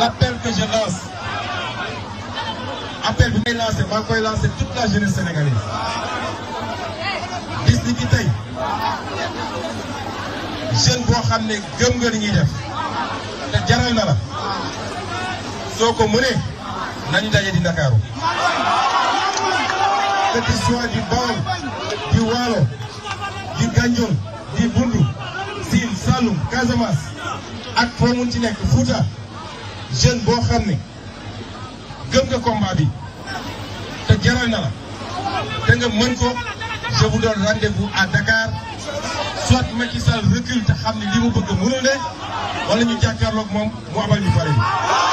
l'appel que je lance appel bi may lancé maa koy lancé toute la jeunesse sénégalaise bis ni ki tey jeune boo xam ne gëm nga ni ñuy te jaral na la soo ko mënee nañu daje di Ndakaaru que tu sois du Waalo du Gandiol du Bundu Sine Saloum Casamance ak foo mun ci nekk Fouta jeune boo xam ne gëm nga combat bi te jaral na la te nga mën ko je vous donne rendez-vous à Dakar soit Macky te xam ne li mu bëgg mënul ne wala ñu jàkkaarloog moom mu abal ñu pare.